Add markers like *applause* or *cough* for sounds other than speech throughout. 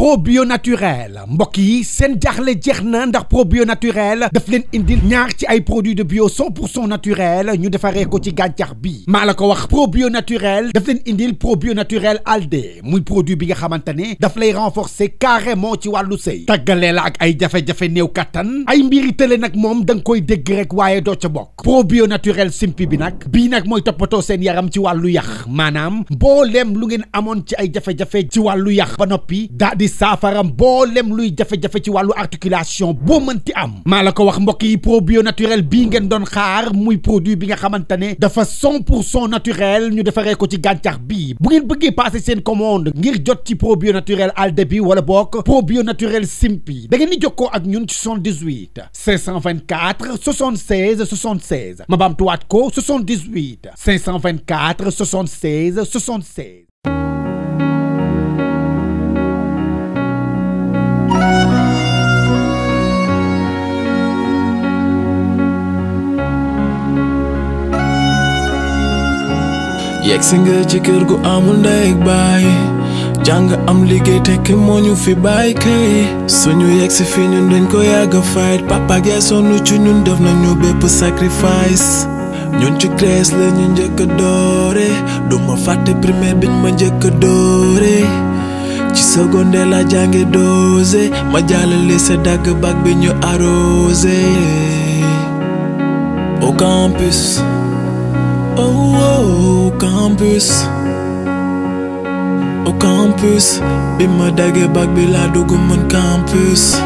probio naturel mbokk yi seen jaaxle jeex ndax probio naturel daf leen indil ñaar ci ay de bio 100 naturel ñu defaree ko ci gàncax bi maa wax probio naturel daf leen indil probio naturel alde muy produit bi nga xamantane renforcé daf lay renforcer carrément ci walu sëy tagalé la ak ay jafé mom new katan ay mbiri tële nag moom koy dégg rek probio naturel simpi bi nak bi nak moy toppatoo sen yaram ci walu yax manam bolem lu ngeen amone ci ay ci saafara mboolem luy jafé jafé ci walu articulation boo ti am maa ko wax mbokk yi probio naturel bi ngeen don xaar muy produit bi nga xamantane dafa 100 naturel ñu defaree ko ci gàncax bi bu ngeen bëggé passer seen commande ngir jot ci probio naturel alde wala bok probio naturel simpi da ngeen di jokkoo ak ñun ci 78 524 76 76 ma baamtuwaat ko 78 524 76 76 yegg si nga ci kër gu amul ndey baay jàng am liggéey tekki moo ñu fi bàyyi kay suñu yegg si fii ñun dañ ko yàgg a fight papa gee sonn ci ñun def nañu bepp sacrifice ñun ci crèche la njëkk a doore du ma fàtte primaire biñ ma njëkk a doore ci seconde la jànge dose ma jàllale sa dagg bag bi ñu arrosé au campus Oh, oh, au campus oh campus Be my dage bag be la dogo mon campus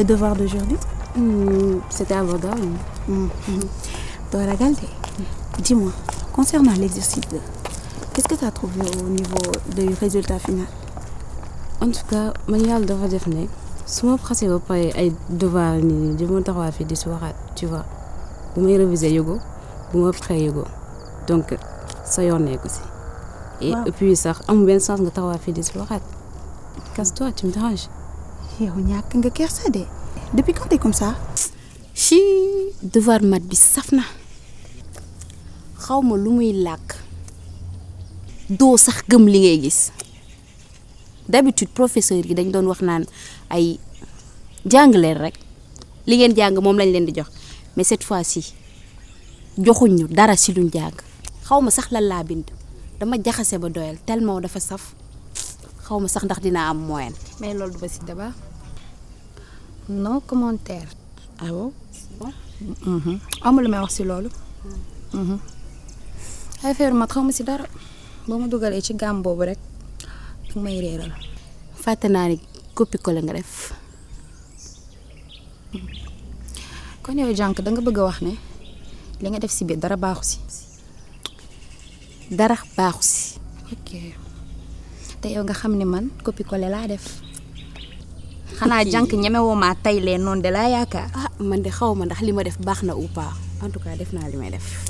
Le devoir d'aujourd'hui mmh, C'était abordable. Mmh. Mmh. dis-moi, concernant l'exercice 2, qu'est-ce que tu as trouvé au niveau du résultat final En tout cas, Manuel doit faire su ma xasee ba pare ay devoir ni di ma taxawaa fii di si waxaat tu vois bu may réviser yoga, vous ma paree yëgoo donc sa yoon est si. et puis sax amul benn sens nga taxawaa fii di si casse-toi tu me déranges. yow ñàkk nga kersa de depuis quand t'es comme ça chi devoir mat bi saf xawma lu muy làkk doo sax gëm li ngay gis d'habitude professeur yi dañ doon wax naan ay jàng leen rek li ngeen jàng moom lañ leen di jox mais cette fois ci joxuñ ñu dara si luñ jàng xawma sax lan bind dama ba doyal tellement dafa saf xawma sax ndax dina am moyen mais du ba non commentaire. ah bon. Mhm. amul lu may wax si loolu. Mhm. ay feebar ma xaw ma si dara boo ma dugalee ci gàmm boobu rek fu may réeral. fàtte naa ni copie collé nga def. kon yow jànq danga bëgg a wax ne li nga def si biir dara baaxu si. dara baaxu si. te yow nga xam ne man copie collé laa def. jank ñame wo ma tay le non de la yaaka ah man de xawma ndax lima def baxna na ou pas en tout cas def na limay def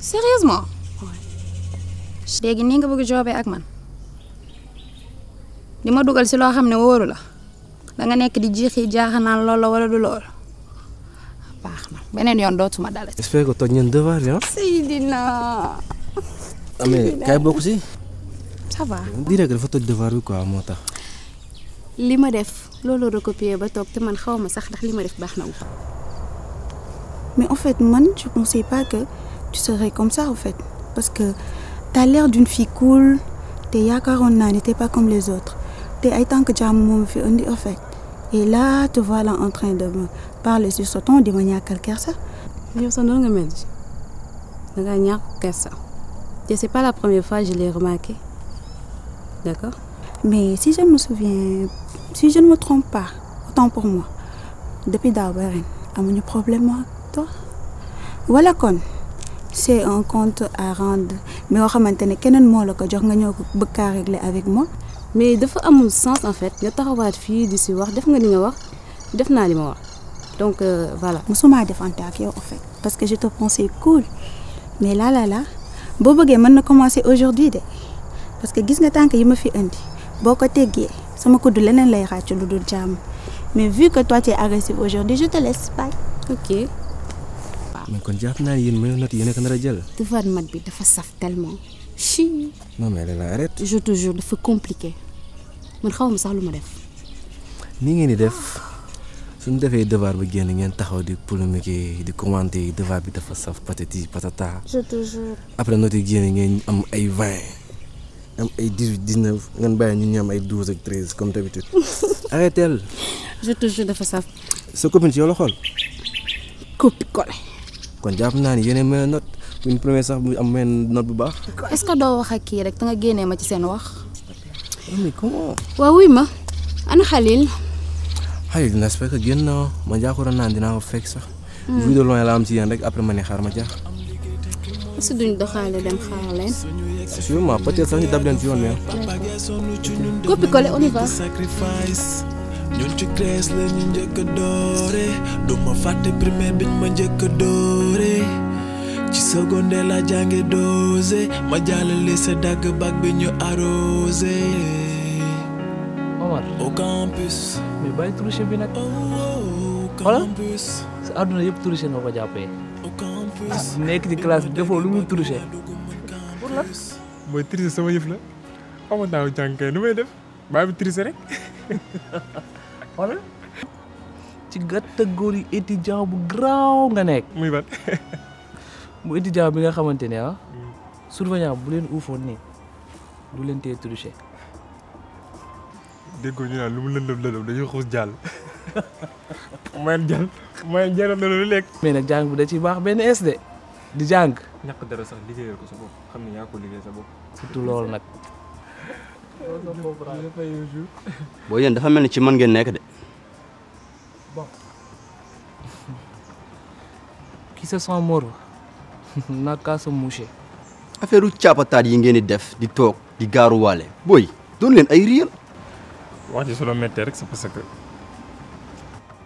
sérieusement légui ni nga bëgg jobé ak man di duggal ci lo xamné xam ne la da nga nek di lool la wala du lool baxna benen yoon dootuma dala j'espère que toj ngeen devoir ya Seydina amé ah, kay bokku ci ça va toj devoir quoi motax lima def looloo recopier ba toog te man xaw ma sax ndax li ma def baax na mais en fait man je pensais pas que tu serais comme ça en fait parce que as l'air d'une fille cool te yaakaaroon naa ne t'es pas comme les autres te ay tànk jàmm moom fi indi en fait et là te voilà en train de me parler sur ce ton di ma ñàkkal kersa. yow sax noonu nga mel da ngaa ñàkk kersa te c'est pas la première fois je l'ai remarqué d'accord. mais si je me souviens si je ne me trompe pas autant pour moi depuis daaw ba problème ak toi wala kon c'est un compte à rendre mais on va ne keneen moo la ko jox nga ñëw régler avec moi. mais dafa amul sens en fait nga taxawaat fii di si wax def nga li nga wax def naa li ma wax donc euh, voilà. musuma defante ak yow en fait parce que je te pensais cool mais là là là boo bëggee mën na commencer aujourd'hui de parce que gis nga je me fais fi indi boo ko gay sama leneen lay mais vu que toi tu es agressive aujourd'hui je te laisse pas. ok. mais kon sais pas yéen na yéen Je mat bi dafa tellement. chii. non mais arrête. je toujours, jure compliqué Je ne sais ma def. ni tu devoir ba tu taxaw di di commenter devoir bi dafa patata. je te jure. après notre am ay dix huit dix ngeen bàyyi ñun ñu am ay 12 ak 13 comme d'habitude. *laughs* arrêtez je toujours jure dafa saf. sa copine ci yow la xool. copie collé. kon jàpp naa ni yéen a note une première sax bu am mel note bu baax. est-ce que doo wax ak kii rek da nga génnee ma ci seen wax. mais comment. waaw oui ma ana Khalil. Khalil dina se fekk génn ma jaaxoon naa dinaa ko fekk sax. Hmm. vu de loin la am ci yéen rek après ma ne xaar ma jaax. est duñ doxaale dem xaar leen. sûrement peut-être sax ñu dab leen ci yoon bi copier-coller on y ñun ci Grèce la njëkk a doore du ma fàtte primaire biñ ma njëkk a doore ci secondaire la jànge dosé ma jàllale sa dagg bag bi ñu arrosé. Omar au campus. mais bàyyi triche bi nag. Oh, oh, oh, voilà sa àdduna yëpp triche na ko jàppee. nekk di classe bi defoo lu muy tricher. pour lan. mooy tricher sama yëf la xamu naa jàng kay nu may def baa bi tricher rek. wala. ci catégorie étudiant bu garaaw nga nekk. muy ban. bu étudiant bi nga xamante ne ah. surveillant bu leen uufoon nii du leen tee tricher. déggoo ñu naan lu mu lëndëm lëndëm dañuy xuus jàll mooy jël mooy jël na lu lekk. mais nag jàng bi da ciy baax benn es de di jàng. ñàkk dara sax liggéeyal ko sa bopp xam ne yaa ko liggéey sa bopp. surtout loolu nag. boo yéen dafa mel ni ci mën ngeen nekk de. qui se sent mort naka sa mouché. affaire u yi ngeen di def di toog di gaaruwaale booy doon leen ay réel. wax ji su la rek c'est parce que.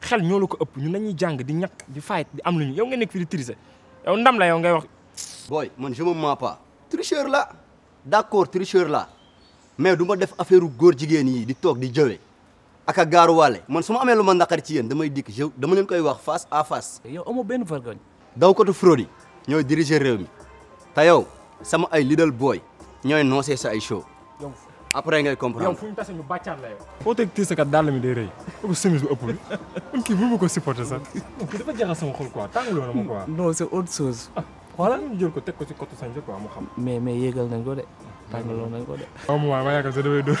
xel ñoo la ko ëpp ñun dañuy jàng di ñàkk di fight di am lu ñu yow nga nekk fi di tricher yow ndam la yow ngay wax. booy man je me mens pas. tricheur la d'accord tricheur la mais du ma def affaire góor jigéen yi di toog di jëwee ak a gaaruwaale man su amee lu man naqari ci yéen damay dikk je dama leen koy wax face à face. Eh, yow amoo benn vergogne. daw ko tu fraude ñooy diriger réew mi te yow sama ay leader booy ñooy noosee sa ay show. après ngay comprendre yow fu ñu tase ñu bàccaat la yow. foo teg tiis kat daal mi day rëy. kooku semis bu ëpp bi. man kii bu ma ko supporter sax. dafa jaaxal sama xol quoi tàngaloo na ma quoi. non c'est autre chose. Ah, voilà ñu jël ko teg ko ci côté Sanjé quoi mu xam. mais mais yéegal nañ ko de. tàngaloo nañ ko de. waaw ma yaakaar sa dafay dóor.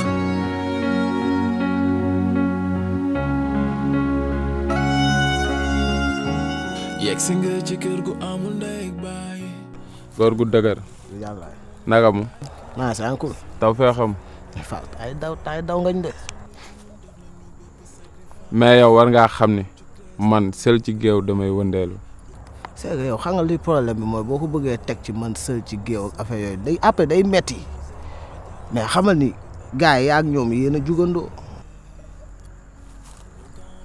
si nga ci kër gu amul ndey ak baay. gu dëgër. yàlla. naka mu. maa si ankul. taw fee xam. daw ay daw ngañ de. mais yow war ngaa xam ni man sël ci géew damay wëndeelu. c'est que yow xam nga li problème bi mooy boo ko bëggee teg ci man sël ci géew ak yooyu day après day metti mais xamal ni gars yi ñoom yéen a jugandoo.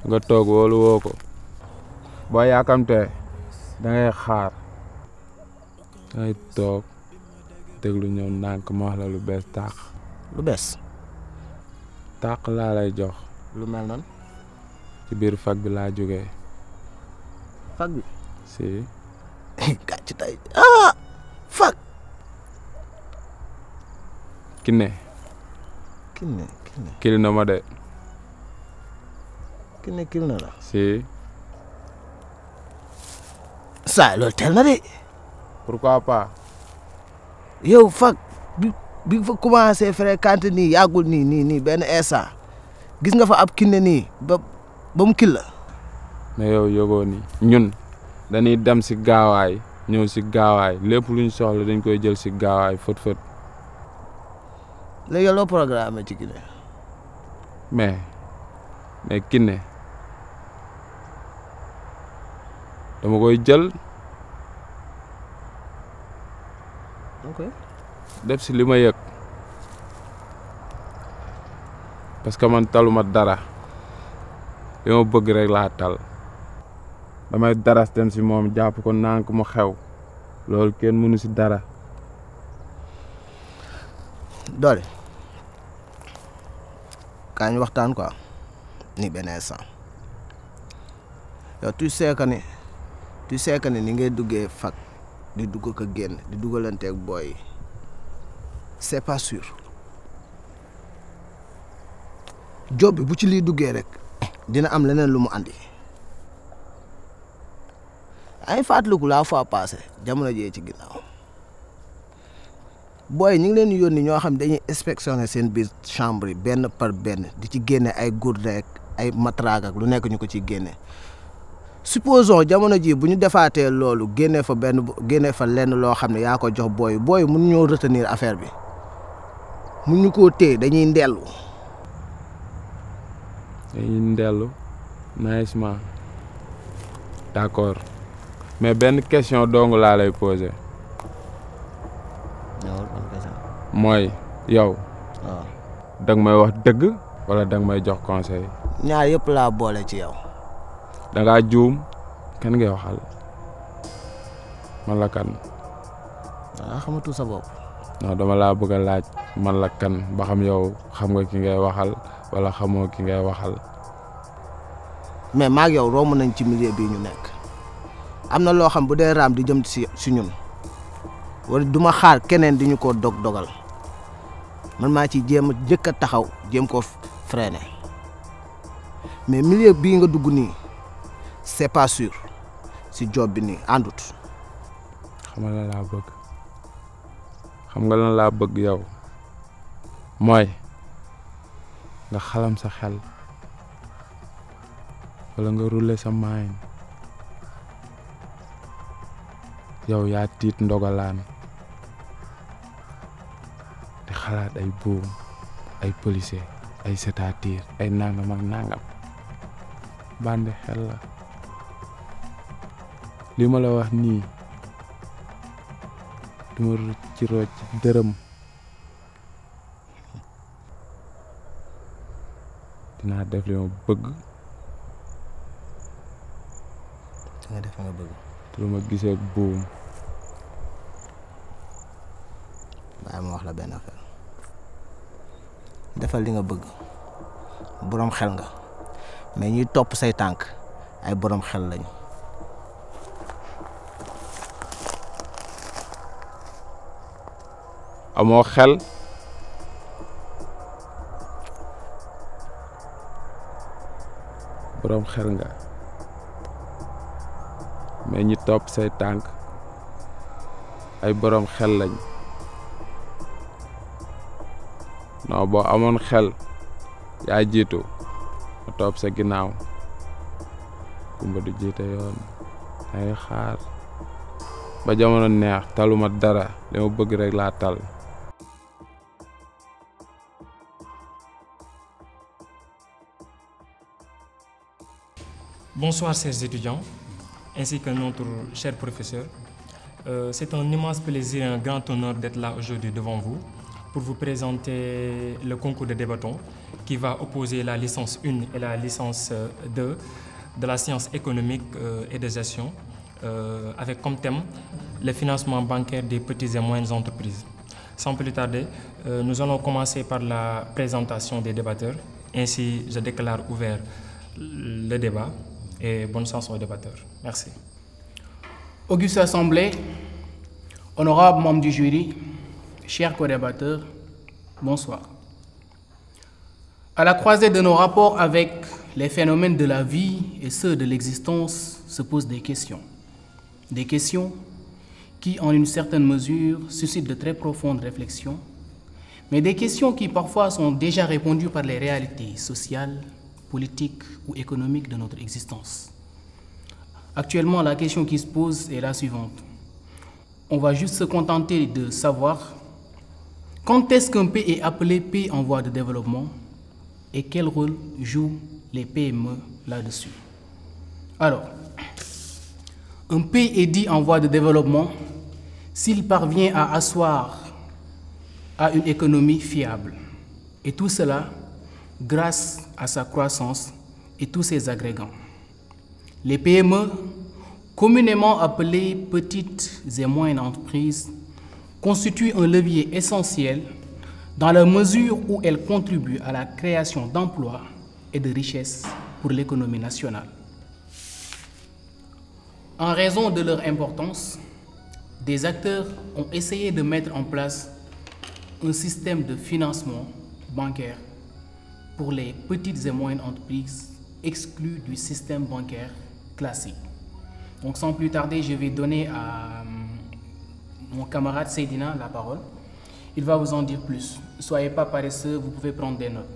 nga toog wóolu woo boo yaakamtee da ngay xaar da ngay toog déglu ñëw ndànk ma wax la lu bees tàq. lu bes tàq laa lay jox. lu mel noonu. ci biir fag bi laa jógee. fag bi. si. *laughs* gàcc tey ah fag. Kiné. Kiné Kiné. kil na ma de. la. si. saa loolu teel na de. pourquoi pas. yow fag bi fa commencé fréquenter nii yàggul nii nii nii benn instant gis nga fa ab kinne nii ba ba mu kil la. yow yogoo ni ñun dañuy dem si gaawaay ñëw si gaawaay lépp luñ soxla dañ koy jël si gaawaay fët fët. léegi loo programme ci kinne. mais mais kinne. dama koy jël def ci lima yek yëg parce que man taluma dara li bëgg rek laa tal damay daras dem si moom jàpp ko naan mu xew loolu kenn mënu si dara doole kañ waxtaan quoi ni benn instant yow tu sais que tu sais que ne ni ngay duggee fac di dugg ko génn di dugalanteeg booy yi c'est pas sûr job bu ci lii duggee rek dina am leneen lu mu andi ay fàttaliku laa fois passé jamono jee ci ginnaaw booy ñu ngi leen yónni ñoo xam dañuy inspectionné seen biir chambre yi benn par benn di ci génne ay gourde ak ay matraque lu nekk ñu ko ci génne supposons jamono ji bu ñu defaatee loolu génnee fa benn génnee fa lenn loo xam ne yaa ko jox booy booy mun ñëw retenir affaire bi mun ñu koo téye dañuy ndellu. dañuy ndellu naajement d'accord mais benn question dong laa lay poser. mooy yow. waaw ah. may wax dëgg. wala da may jox conseil. ñaar yëpp laa boole ci yow. da nga juum ken ngay waxal man la kan ah xamatu sa bop non dama la bëgg laaj man la kan ba xam yow xam nga ki ngay waxal wala xamoo ki ngay waxal mais maag yow romb nañ ci milieu bi ñu nekk am na loo xam bu dee raam di jëm si si ñun wala duma xaar keneen di ñu ko dog dogal man maa ci jéem a jëkk a taxaw jéem ko freiné mais milieu bii nga dugg nii c'est pas sûr si job bi nii àndut. xam nga la bëgg xam nga la bëgg yow moy nga xalam sa xel wala nga rouler sa ya, yow ya tit ndogalaan di xalaat ay boom ay policier ay cest ay nangam ak nangam bande xel la lima la wax ni duma ci rocc deureum dina def li ma bëgg nga def nga bëgg te lu ma gisee buum bàyyi ma wax la ben affaire defal li nga bëgg borom xel nga mais ñuy top say tank ay borom xel lañu amoo xel borom xel nga mais ñi topp say tànk ay borom xel lañ non boo amoon xel yaa jiitu ma topp sa ginnaaw kumba du jiite yoon ay xaar ba jamono neex taluma dara li bëgg rek laa tal Bonsoir chers étudiants, ainsi que notre cher professeur. Euh, c'est un immense plaisir et un grand honneur d'être là aujourd'hui devant vous pour vous présenter le concours de débattons qui va opposer la licence 1 et la licence 2 euh, de la science économique euh, et de gestion avec comme thème le financement bancaire des petites et moyennes entreprises. Sans plus tarder, nous allons commencer par la présentation des débatteurs. Ainsi, je déclare ouvert le débat et bonne chance aux débatteurs. Merci. Auguste Assemblée, Honorable membre du jury, chers co-débatteurs, bonsoir. À la croisée de nos rapports avec les phénomènes de la vie et ceux de l'existence se posent des questions. Des questions qui, en une certaine mesure, suscitent de très profondes réflexions, mais des questions qui parfois sont déjà répondues par les réalités sociales, politique ou économique de notre existence. Actuellement, la question qui se pose est la suivante. On va juste se contenter de savoir quand est-ce qu'un pays est appelé pays en voie de développement et quel rôle jouent les PME là-dessus. Alors, un pays est dit en voie de développement s'il parvient à asseoir à une économie fiable. Et tout cela grâce à sa croissance et tous ses agrégants. Les PME, communément appelées petites et moyennes entreprises, constituent un levier essentiel dans la mesure où elles contribuent à la création d'emplois et de richesses pour l'économie nationale. En raison de leur importance, des acteurs ont essayé de mettre en place un système de financement bancaire pour les petites et moyennes entreprises exclues du système bancaire classique. Donc sans plus tarder, je vais donner à euh, mon camarade Seydina la parole. Il va vous en dire plus. Soyez pas paresseux, vous pouvez prendre des notes.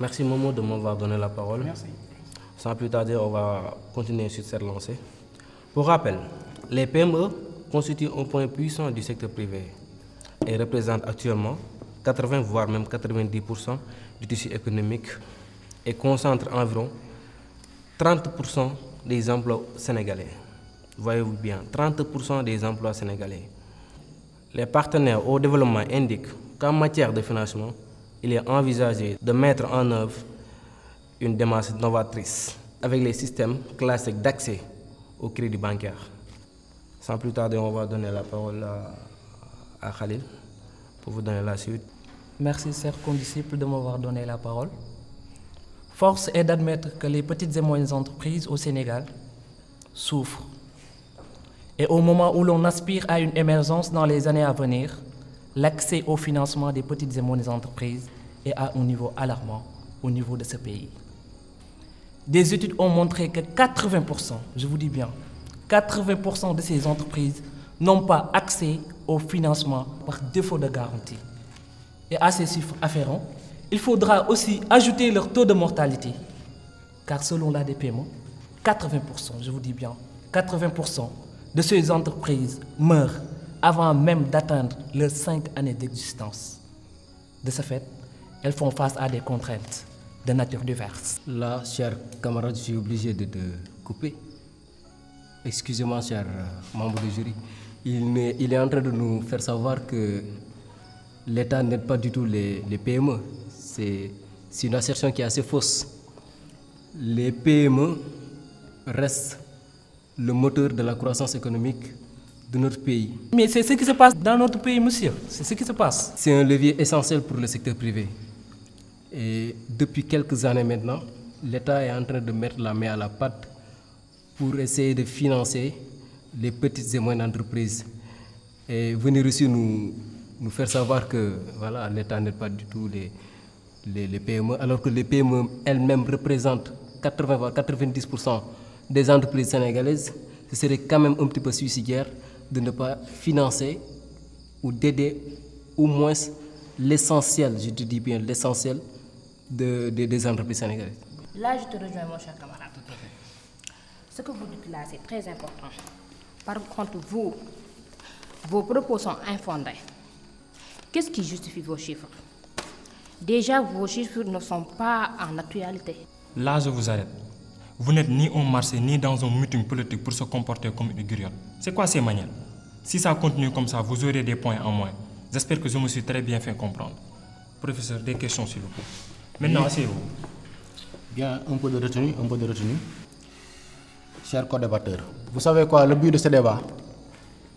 Merci Momo de m'avoir donné la parole. Merci. Sans plus tarder, on va continuer sur cette lancée. Pour rappel, les PME constituent un point puissant du secteur privé et représente actuellement 80 voire même 90% du tissu économique et concentre environ 30% des emplois sénégalais. Voyez-vous bien, 30% des emplois sénégalais. Les partenaires au développement indiquent qu'en matière de financement, il est envisagé de mettre en œuvre une démarche novatrice avec les systèmes classiques d'accès au crédit bancaire. Sans plus tarder, on va donner la parole à, Khalil vous donner la suite. Merci, chers condisciples, de m'avoir donné la parole. Force est d'admettre que les petites et moyennes entreprises au Sénégal souffrent. Et au moment où l'on aspire à une émergence dans les années à venir, l'accès au financement des petites et moyennes entreprises est à un niveau alarmant au niveau de ce pays. Des études ont montré que 80%, je vous dis bien, 80% de ces entreprises n'ont pas accès au financement par défaut de garantie. Et à ces chiffres afférents, il faudra aussi ajouter leur taux de mortalité. Car selon l'ADPMO, 80%, je vous dis bien, 80% de ces entreprises meurent avant même d'atteindre leurs 5 années d'existence. De ce fait, elles font face à des contraintes de nature diverse. Là, chers camarades, je suis obligé de couper. Excusez-moi, cher euh, membre du jury il est, en train de nous faire savoir que l'État n'aide pas du tout les, les PME. C'est une assertion qui est assez fausse. Les PME restent le moteur de la croissance économique de notre pays. Mais c'est ce qui se passe dans notre pays, monsieur. C'est ce qui se passe. C'est un levier essentiel pour le secteur privé. Et depuis quelques années maintenant, l'État est en train de mettre la main à la patte..! pour essayer de financer les petites et moyennes entreprises et venir aussi nous, nous faire savoir que voilà, l'État n'est pas du tout les, les, PME, alors que les PME elles-mêmes représentent 80 90% des entreprises sénégalaises, ce serait quand même un petit peu suicidaire de ne pas financer ou d'aider au moins l'essentiel, je te dis bien l'essentiel de, des entreprises sénégalaises. Là, je te rejoins, mon cher camarade. Ce que vous dites là, c'est très important. Par contre, vous, vos propos sont infondés. Qu'est-ce qui justifie vos chiffres Déjà, vos chiffres ne sont pas en actualité. Là, je vous arrête. Vous n'êtes ni au marché ni dans un meeting politique pour se comporter comme une griotte. C'est quoi ces manières Si ça continue comme ça, vous aurez des points en moins. J'espère que je me suis très bien fait comprendre. Professeur, des questions s'il vous plaît. Maintenant, oui. asseyez-vous. Bien, un peu de retenue, un peu de retenue chers co-débatteurs, vous savez quoi, le but de ce débat,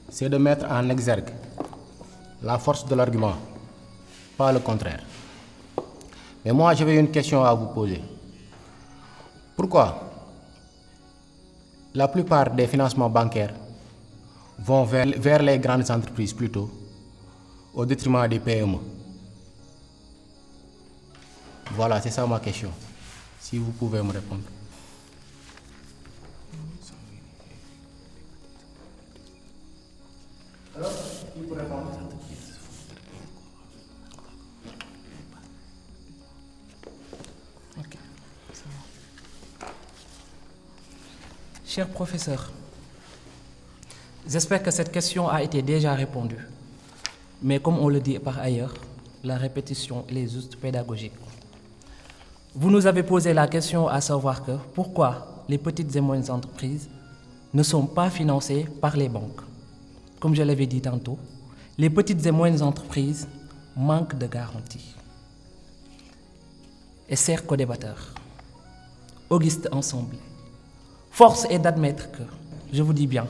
c'est de mettre en exergue la force de l'argument, pas le contraire. Mais moi, j'avais une question à vous poser. Pourquoi la plupart des financements bancaires vont vers les grandes entreprises plutôt, au détriment des PME Voilà, c'est ça ma question. Si vous pouvez me répondre. professeur, j'espère que cette question a été déjà répondue. Mais comme on le dit par ailleurs, la répétition est juste pédagogique. Vous nous avez posé la question à savoir que pourquoi les petites et moyennes entreprises ne sont pas financées par les banques. Comme je l'avais dit tantôt, les petites et moyennes entreprises manquent de garanties. Et serre co-débatteur, Auguste Ensemble, Force est d'admettre que, je vous dis bien,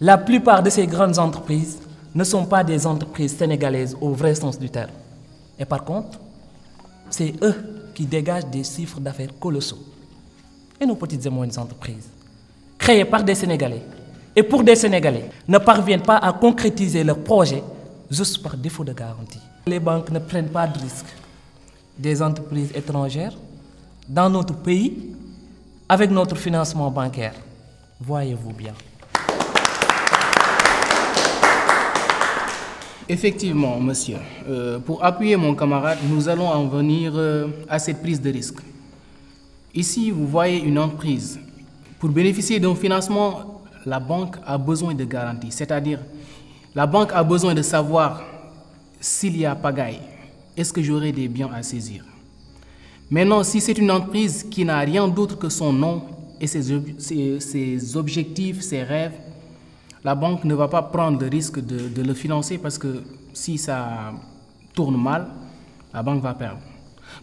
la plupart de ces grandes entreprises ne sont pas des entreprises sénégalaises au vrai sens du terme. Et par contre, c'est eux qui dégagent des chiffres d'affaires colossaux. Et nos petites et moyennes entreprises, créées par des Sénégalais et pour des Sénégalais, ne parviennent pas à concrétiser leurs projets juste par défaut de garantie. Les banques ne prennent pas de risques. Des entreprises étrangères dans notre pays avec notre financement bancaire. Voyez-vous bien. Effectivement, monsieur. Euh, pour appuyer mon camarade, nous allons en venir euh, à cette prise de risque. Ici, vous voyez une entreprise. Pour bénéficier d'un financement, la banque a besoin de garanties, c'est-à-dire la banque a besoin de savoir s'il y a pagaille. Est-ce que j'aurai des biens à saisir Maintenant, si c'est une entreprise qui n'a rien d'autre que son nom et ses, objectifs, ses rêves, la banque ne va pas prendre le risque de, le financer parce que si ça tourne mal, la banque va perdre.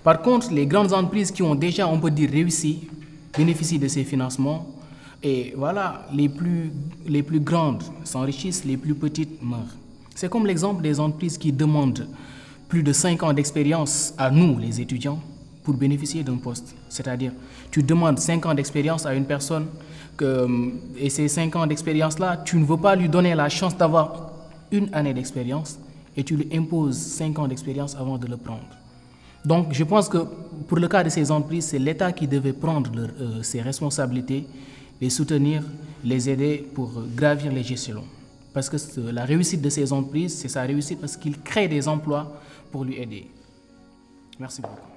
Par contre, les grandes entreprises qui ont déjà, on peut dire, réussi, bénéficient de ces financements. Et voilà, les plus, les plus grandes s'enrichissent, les plus petites meurent. C'est comme l'exemple des entreprises qui demandent plus de 5 ans d'expérience à nous, les étudiants, pour bénéficier d'un poste. C'est-à-dire, tu demandes 5 ans d'expérience à une personne que, euh, et ces 5 ans d'expérience-là, tu ne veux pas lui donner la chance d'avoir une année d'expérience et tu lui imposes 5 ans d'expérience avant de le prendre. Donc, je pense que pour le cas de ces entreprises, c'est l'État qui devait prendre euh, ses responsabilités, les soutenir, les aider pour gravir les gestions. Parce que la réussite de ces entreprises, c'est sa réussite parce qu'ils créent des emplois pour lui aider. Merci beaucoup.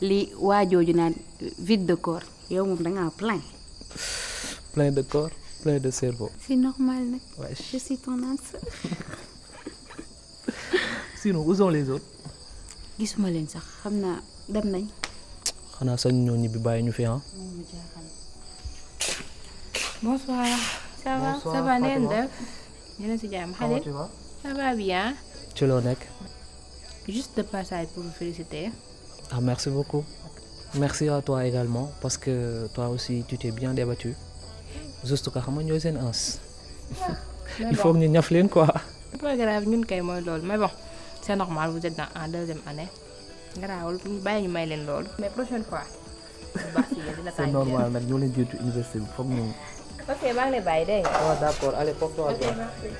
Les wadio vide de corps yow moom da plein. plein de corps plein de cerveau. c'est normal je suis ton âme *laughs* sinon où sont les autres. gisuma leen sax Je dem nañ. xanaa sañ ñoo ñu fi ah. bonsoir. ça va ça va def. ça va bien. juste de passage pour vous féliciter. Ah, merci beaucoup. Merci à toi également parce que toi aussi tu t'es bien débattu. Juste que nous sommes en Il faut que nous fassions quoi. Pas grave, nous sommes Mais bon, c'est normal, vous êtes dans deuxième année. Grave, nous sommes Mais prochaine fois. C'est normal, mais nous sommes en l'université. faut nous. Ok, je vais les D'accord, allez, pour toi. Ok, merci.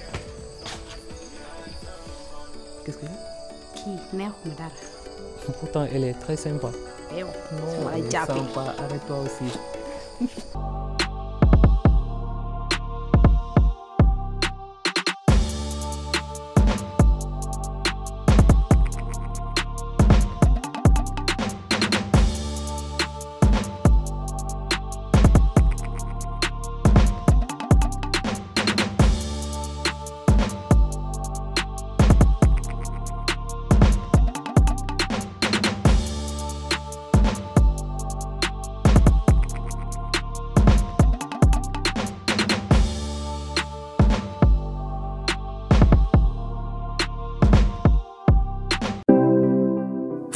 Qu'est-ce que c'est Qui Mère, *laughs* Pourtant, elle est très sympa. Eh elle bon, non, avec toi aussi. *laughs*